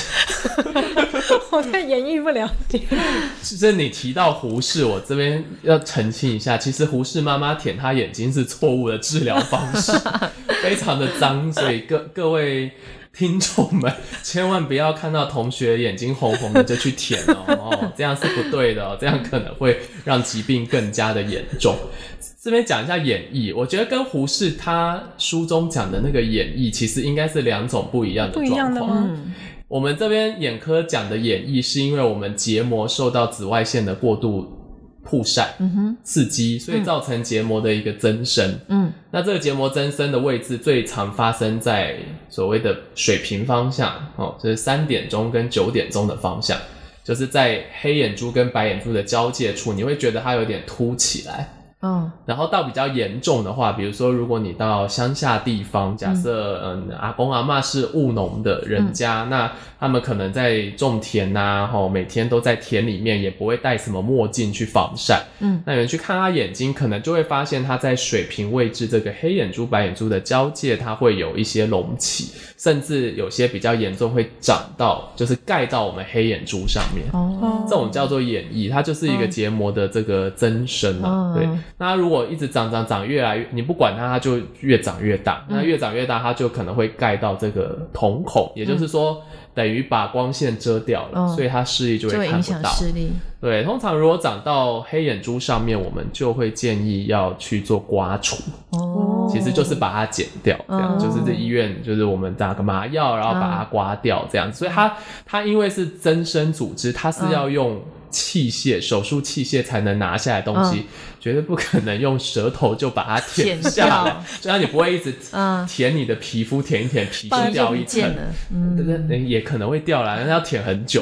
S1: 我對眼翳不了解。
S2: 其實你提到胡適，我這邊要澄清一下，其實胡適媽媽舔他眼睛是錯誤的治療方式， 非常的髒，所以各各位。聽眾們，千萬不要看到同學眼睛紅紅的就去舔哦，哦，這樣是不對的哦，這樣可能會讓疾病更加的嚴重。這邊講一下眼翳，我覺得跟胡適他書中講的那個眼翳，其實應該是兩種不一樣的狀況。我們這邊眼科講的眼翳，是因為我們結膜受到紫外線的過度曝曬，嗯哼，刺激，所以造成結膜的一個增生，嗯，那這個結膜增生的位置最常發生在所謂的水平方向，哦，就是三點鐘跟九點鐘的方向，就是在黑眼珠跟白眼珠的交界處，你會覺得它有點凸起來。嗯，然後到比較嚴重的話，比如說如果你到鄉下地方，假設嗯，嗯阿公阿嬤是務農的人家，嗯、那他們可能在種田吶、啊，吼每天都在田裡面，也不會戴什麼墨鏡去防曬，嗯，那你們去看他眼睛，可能就會發現他在水平位置這個黑眼珠白眼珠的交界，它會有一些隆起，甚至有些比較嚴重會長到就是蓋到我們黑眼珠上面，哦，哦，這種叫做眼翳，它就是一個結膜的這個增生啊。哦哦對。那如果一直長長長越來越，你不管它，它就越長越大。那越長越大，它就可能會蓋到這個瞳孔，嗯、也就是說等於把光線遮掉了，哦、所以它視力就會看不到。影響視力。對，通常如果長到黑眼珠上面，我們就會建議要去做刮除。哦，其實就是把它剪掉，這樣，哦、就是在醫院，就是我們打個麻藥，然後把它刮掉這樣子。哦、所以它它因為是增生組織，它是要用、哦。器械手術器械才能拿下來的東西，絕對不可能用舌頭就把它舔下來。就像你不會一直舔你的皮膚，舔一舔皮膚掉一層，這個也可能會掉啦。但是要舔很久，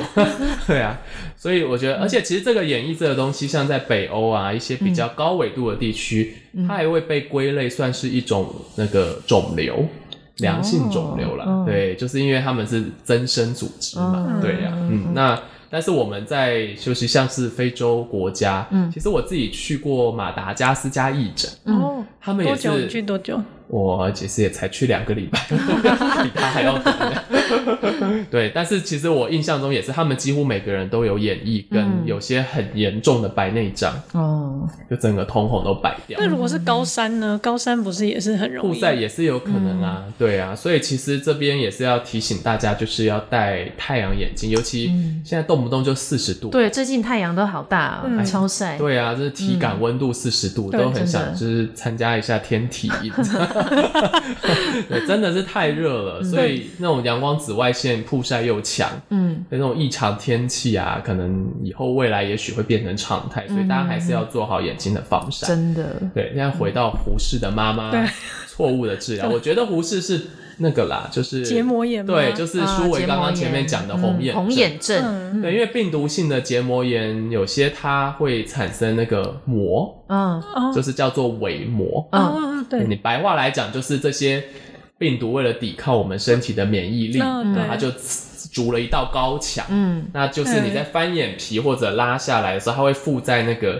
S2: 對啊。所以我覺得，而且其實這個演繹這個東西，像在北歐啊一些比較高緯度的地區，它也會被歸類算是一種那個腫瘤，良性腫瘤啦。對，就是因為他們是增生組織嘛。對呀，嗯，那。但是我們在，休息，像是非洲國家，嗯，其實我自己去過馬達加斯加義診，哦、嗯，
S1: 他們也是，多久去多久？
S2: 我其實也才去兩個禮拜，比
S3: 他還要短。
S2: 對，但是其實我印象中也是，他們幾乎每個人都有眼翳跟有些很嚴重的白內障，哦，就整個瞳孔都白掉。那如
S1: 果是高山呢？高山不是也是很容易？曝曬也
S2: 是有可能啊，對啊，所以其實這邊也是要提醒大家，就是要戴太陽眼鏡，尤其現在動不動就四十度。對，
S3: 最近太陽都好大，超曬。
S2: 對啊，就是體感溫度四十度，都很想就是參加一下天體。真的是太熱了，所以那種陽光紫外線曝。防曬又強，嗯，那種異常天氣啊，可能以後未來也許會變成常態，嗯、所以大家還是要做好眼睛的防曬。真的，對。現在回到胡氏的媽媽錯誤的治療，對我覺得胡氏是那個啦，就是結膜炎，對、嗯，就是書維剛剛前面講的紅眼紅眼
S3: 症，對，因
S2: 為病毒性的結膜炎有些它會產生那個膜，
S3: 嗯，就
S2: 是叫做偽膜，嗯，對，你白話來講就是這些。病毒為了抵抗我們身體的免疫力，那 No 它就築、mm hmm. 了一道高牆。Mm hmm. 那就是你在翻眼皮或者拉下來的時候，mm hmm. 它會附在那個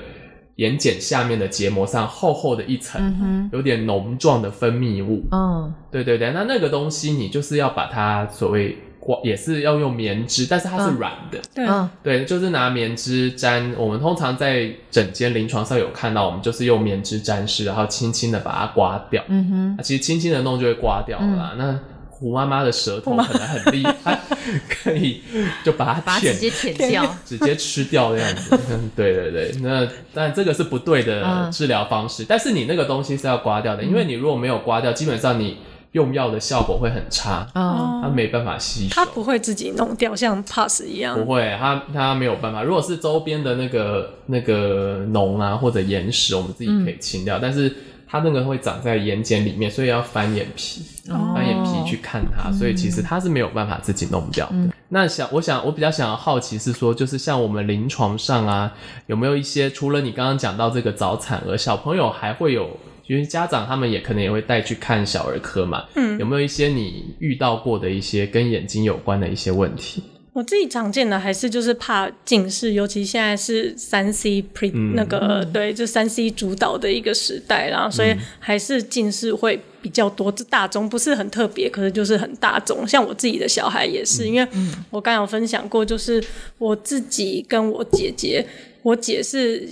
S2: 眼瞼下面的結膜上，厚厚的一層，mm hmm. 有點膿狀的分泌物。Oh. 對對對，那那個東西你就是要把它所謂。也是要用棉枝，但是它是軟的、嗯，對，對，就是拿棉枝沾。我們通常在診間臨床上有看到，我們就是用棉枝沾濕，然後輕輕的把它刮掉。嗯哼、啊，其實輕輕的弄就會刮掉啦。嗯、那胡媽媽的舌頭可能很厲害，嗯、可以就把它舔，把它直
S3: 接舔掉，
S2: 直接吃掉的樣子、嗯。對對對。那但這個是不對的治療方式，嗯、但是你那個東西是要刮掉的，因為你如果沒有刮掉，基本上你。用藥的效果會很差，啊，oh, 它沒辦法吸收，
S1: 它不會自己弄掉，像 pus 一樣，不會，
S2: 它它沒有辦法。如果是周邊的那個那個膿啊或者眼屎，我們自己可以清掉，嗯、但是它那個會長在眼瞼裡面，所以要翻眼皮，oh, 翻眼皮去看它，嗯、所以其實它是沒有辦法自己弄掉的。嗯、那想我想我比較想要好奇是說，就是像我們臨床上啊，有沒有一些除了你剛剛講到這個早產兒小朋友還會有？因為家長他們也可能也會帶去看小兒科嘛，嗯，有沒有一些你遇到過的一些跟眼睛有關的一些問題？
S1: 我自己常見的還是就是怕近視，尤其現在是三 C pre、嗯、那個對，就三 C 主導的一個時代啦，然後、嗯、所以還是近視會比較多。這大眾不是很特別，可是就是很大眾。像我自己的小孩也是，嗯、因為我剛有分享過，就是我自己跟我姐姐，我姐是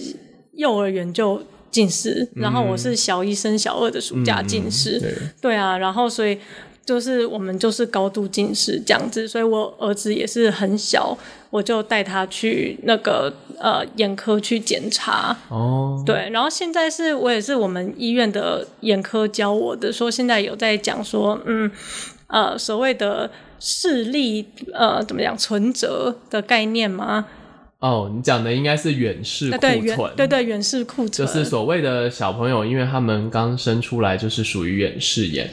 S1: 幼兒園就近視，然後我是小一、升小二的暑假近視，嗯嗯、對，對啊，然後所以就是我們就是高度近視這樣子，所以我兒子也是很小，我就帶他去那個呃眼科去檢查、
S2: 哦、對，
S1: 然後現在是我也是我們醫院的眼科教我的，說現在有在講說，嗯，呃，所謂的視力呃怎麼講存折的概念嘛？
S2: 哦，你講的應該是遠視庫存，對
S1: 對，對，遠視庫存
S2: 就是所謂的小朋友，因為他們剛生出來就是屬於遠視眼，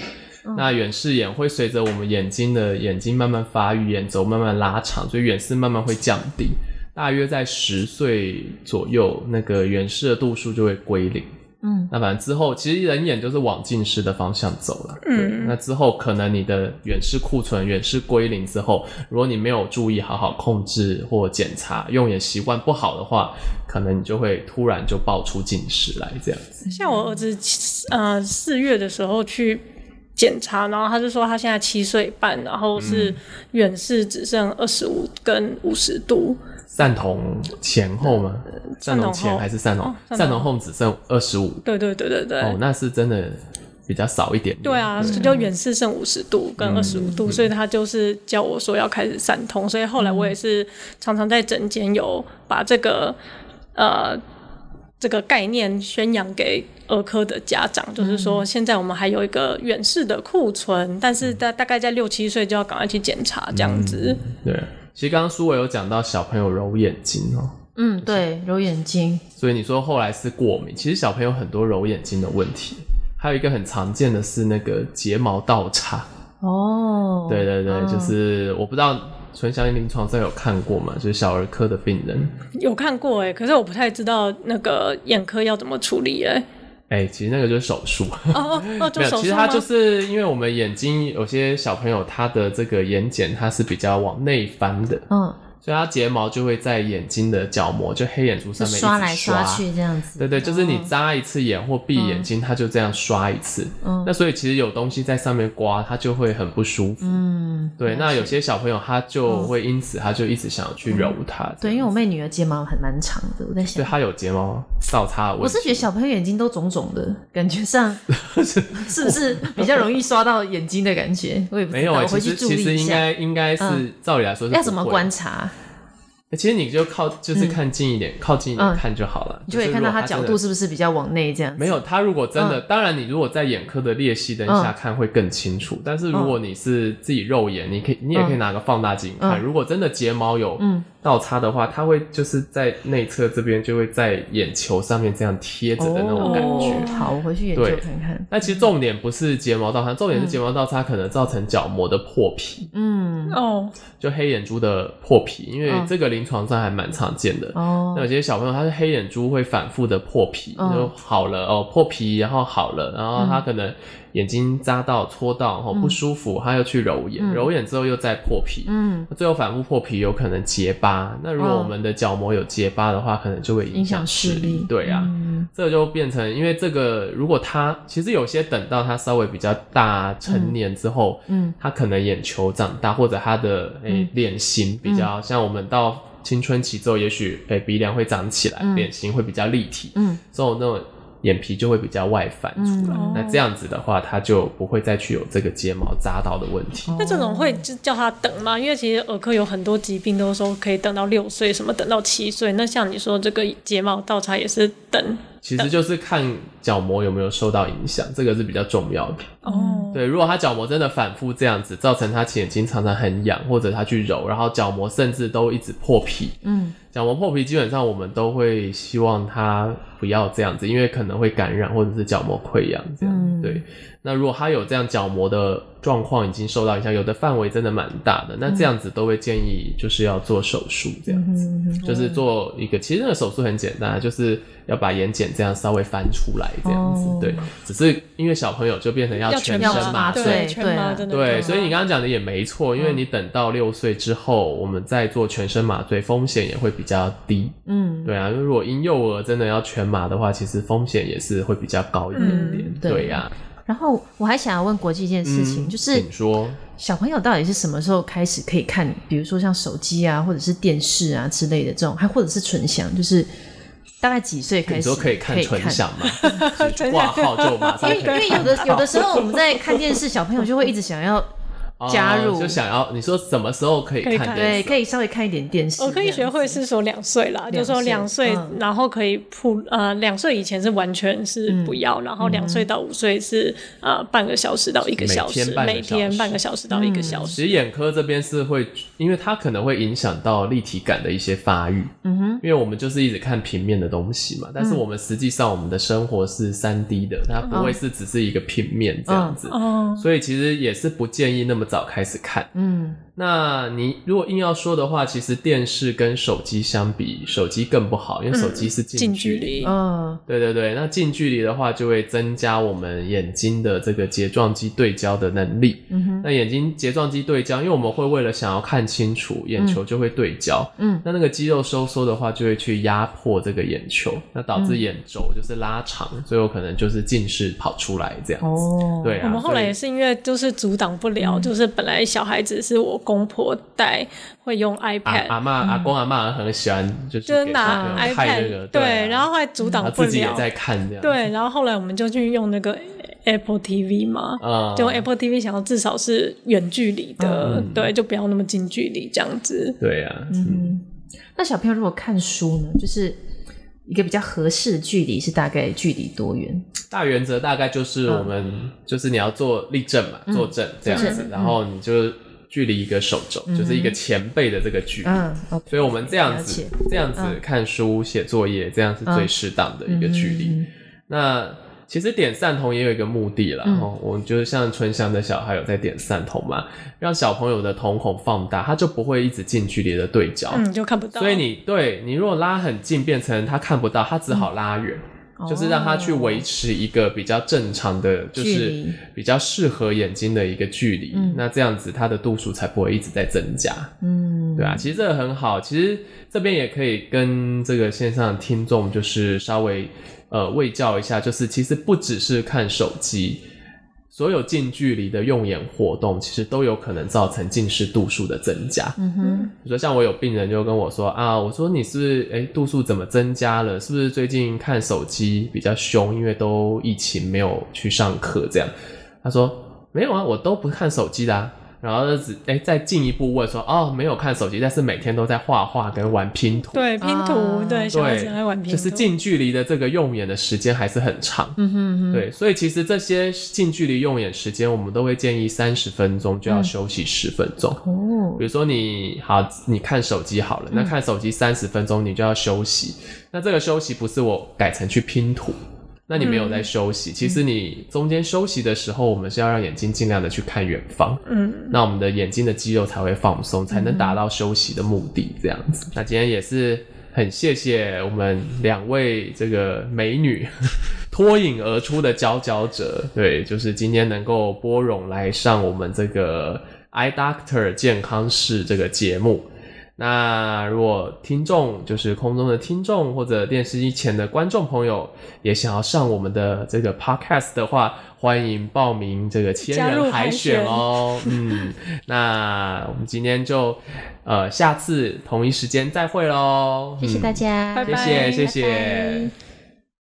S2: 嗯，那遠視眼會隨着我們眼睛的眼睛慢慢發育，眼軸慢慢拉長，所以遠視慢慢會降低，大約在十歲左右，那個遠視的度數就會歸零。嗯，那反正之後其實人眼就是往近視的方向走了。嗯，那之後可能你的遠視庫存、遠視歸零之後，如果你沒有注意好好控制或檢查用眼習慣不好的話，可能你就會突然就爆出近視來這樣
S1: 子。像我兒子，呃，四月的時候去檢查，然後他就說他現在七歲半，然後是遠視只剩二十五跟
S2: 五十度。嗯嗯散瞳前後嗎？散瞳前還是散瞳、散瞳、哦、散瞳，散瞳後只剩二十五。對對對對對。哦，那是真的比較少一點。
S1: 對啊，對啊，就遠視剩五十度跟二十五度，嗯、所以他就是教我說要開始散瞳，嗯、所以後來我也是常常在診間有把這個、嗯、呃這個概念宣揚給兒科的家長，就是說現在我們還有一個遠視的庫存，嗯、但是大、大概在六七歲就要趕快去檢查這樣子。
S2: 嗯、對、啊。其實剛剛書維有講到小朋友揉眼睛哦、喔，
S3: 嗯，且對，揉眼睛，
S2: 所以你說後來是過敏。其實小朋友很多揉眼睛的問題，還有一個很常見的是那個睫毛倒插
S1: 哦，對對對，哦、就是
S2: 我不知道淳翔臨床上有看過嗎？就是小兒科的病人
S1: 有看過哎、欸，可是我不太知道那個眼科要怎麼處理哎、欸。
S2: 哎、欸，其實那個就是手術，
S1: 哦哦、手 沒有，其實它就是
S2: 因為我們眼睛有些小朋友他的這個眼瞼它是比較往內翻的。嗯所以她睫毛就會在眼睛的角膜，就黑眼珠上面刷來刷去這樣子。對對，就是你扎一次眼或閉眼睛，她就這樣刷一次。嗯，那所以其實有東西在上面刮，她就會很不舒服。嗯，對。那有些小朋友他就會因此，他就一直想要去揉它。
S3: 對，因為我妹女兒睫毛很蠻長的，我在想。對，
S2: 他有睫毛倒插。我是覺
S3: 得小朋友眼睛都腫腫的，感覺上是不是比較容易刷到眼睛的感覺？我也不知道。沒有啊，其實其實應該
S2: 應該是照理來說是。要怎麼觀察？其實你就靠就是看近一點，靠近一點看就好了，就可以看到它角度是
S3: 不是比較往內這樣子。沒
S2: 有，它如果真的，當然你如果在眼科的裂隙燈下看會更清楚，但是如果你是自己肉眼，你可以你也可以拿個放大鏡看。如果真的睫毛有倒插的話，它會就是在內側這邊就會在眼球上面這樣貼着的那種感覺。
S3: 好，我回去研究看
S2: 看。那其實重點不是睫毛倒插，重點是睫毛倒插可能造成角膜的破皮。嗯哦，就黑眼珠的破皮，因為這個。臨床上還蠻常見的，oh. 那有些小朋友他是黑眼珠會反復的破皮，oh. 就好了哦，破皮然後好了，然後他可能。眼睛扎到、戳到，不舒服，他又去揉眼，揉眼之後又再破皮，嗯，最後反復破皮有可能結疤。那如果我們的角膜有結疤的話，可能就會影響視力。對啊，這就變成，因為這個如果他其實有些等到他稍微比較大成年之後，嗯，他可能眼球長大，或者他的誒臉型比較像我們到青春期之後，也許誒鼻梁會長起來，臉型會比較立體，嗯，這種那種。眼皮就會比較外翻出來，嗯哦、那這樣子的話，他就不會再去有這個睫毛扎到的問題。哦、那這種
S1: 會就叫他等嗎？因為其實兒科有很多疾病都說可以等到六歲，什麼等到七歲。那像你說這個睫毛倒插也是等？等
S2: 其實就是看角膜有沒有受到影響，這個是比較重要的。哦，對，如果他角膜真的反復這樣子，造成他眼睛常常很癢，或者他去揉，然後角膜甚至都一直破皮。嗯。角膜破皮，基本上我們都會希望它不要這樣子，因為可能會感染或者是角膜潰瘍這樣子。嗯、對，那如果它有這樣角膜的。狀況已經受到影響，有的範圍真的蠻大的。那這樣子都會建議就是要做手術，這樣子、嗯、就是做一個。其實那個手術很簡單，就是要把眼瞼這樣稍微翻出來，這樣子。哦、對，只是因為小朋友就變成要全身麻醉，對對,對,、啊、對。所以你剛剛講的也沒錯，因為你等到六歲之後，嗯、我們再做全身麻醉，風險也會比較低。嗯，對啊，因為如果嬰幼兒真的要全麻的話，其實風險也是會比較高一點點。嗯、對呀。對啊
S3: 然後我還想要問國磯一件事情，嗯、就是小朋友到底是什麼時候開始可以看，比如說像手機啊，或者是電視啊之類的這種，還或者是淳翔，就是大概幾歲開始可以看嘛？掛號就馬上可以看。 因為，因為有的有的時候我們在看電視，小朋友就會一直想要。加入就
S2: 想要你說什麼時候可以看？對，可
S3: 以稍微看一點
S2: 電視。我可
S1: 以學會是說兩歲啦，就說兩歲，然後可以鋪呃，兩歲以前是完全是不要，然後兩歲到五歲是呃半個小時到一個小時，每天半個小時到一個小時。其
S2: 實眼科這邊是會，因為它可能會影響到立體感的一些發育。嗯哼，因為我們就是一直看平面的東西嘛，但是我們實際上我們的生活是三 D 的，它不會是只是一個平面這樣子，哦，所以其實也是不建議那麼早開始看，嗯。那你如果硬要說的話，其實電視跟手機相比，手機更不好，因為手機是近距離。嗯，近距離。對對對，那近距離的話就會增加我們眼睛的這個睫狀肌對焦的能力。嗯哼。那眼睛睫狀肌對焦，因為我們會為了想要看清楚，眼球就會對焦。嗯。那那個肌肉收縮的話，就會去壓迫這個眼球，那導致眼軸就是拉長，嗯。所以我可能就是近視跑出來這樣子。哦。對啊。我們後來也
S1: 是因為就是阻擋不了，嗯。就是本來小孩子是我。公婆帶會用 iPad，阿
S2: 媽、阿公、阿媽很喜歡，就是拿 iPad 對，
S1: 然後還阻擋自己也在
S2: 看這樣。對，
S1: 然後後來我們就去用那個 Apple TV 嘛，就 Apple TV，想
S3: 要至少是遠距離的，對，就不要那麼近距離這樣子。對呀，嗯，那小朋友如果看書呢，就是一個比較合適的距離是大概距離多遠？
S2: 大原則大概就是我們就是你要坐立正嘛，坐正這樣子，然後你就。距離一個手肘，嗯、就是一個前輩的這個距離，嗯、okay, 所以我們這樣子了解，這樣子看書寫作業，嗯、這樣是最適當的一個距離。嗯、那其實點散瞳也有一個目的啦、嗯哦，我們就是像春香的小孩有在點散瞳嘛，讓小朋友的瞳孔放大，他就不會一直近距離的對焦，你、
S1: 嗯、就看不到。所以你
S2: 對你如果拉很近，變成他看不到，他只好拉遠。嗯
S1: 就是讓他去
S2: 維持一個比較正常的，就是比較適合眼睛的一個距離。哦、距那這樣子，它的度數才不會一直在增加，嗯，對吧、啊？其實這個很好，其實這邊也可以跟這個線上聽眾就是稍微呃衛教一下，就是其實不只是看手機。所有近距離的用眼活動，其實都有可能造成近視度數的增加。嗯哼，比如說像我有病人就跟我說啊，我說你是不是，欸，度數怎麼增加了？是不是最近看手機比較兇？因為都疫情沒有去上課這樣。他說沒有啊，我都不看手機的啊。然後就只哎，再進一步問說，哦，沒有看手機，但是每天都在畫畫跟玩拼圖。
S1: 對，拼圖，啊、對，小孩子還玩拼圖。就是近
S2: 距離的這個用眼的時間還是很長。嗯哼哼。對，所以其實這些近距離用眼時間，我們都會建議三十分鐘就要休息十分鐘。哦、嗯。比如說你好，你看手機好了，那看手機三十分鐘，你就要休息。嗯、那這個休息不是我改成去拼圖。那你沒有在休息，嗯、其實你中間休息的時候，嗯、我們是要讓眼睛盡量的去看遠方，嗯，那我們的眼睛的肌肉才會放鬆，嗯、才能達到休息的目的，這樣子。嗯、那今天也是很謝謝我們兩位這個美女脫 穎而出的佼佼者，對，就是今天能夠撥冗來上我們這個 Eye Doctor 健康室這個節目。那如果聽眾就是空中的聽眾或者電視機前的觀眾朋友，也想要上我們的這個 podcast 的話，歡迎報名這個千人海選哦。嗯，那我們今天就，呃，下次同一時間再會嘍。嗯，謝謝大
S3: 家，拜拜，謝謝，謝謝。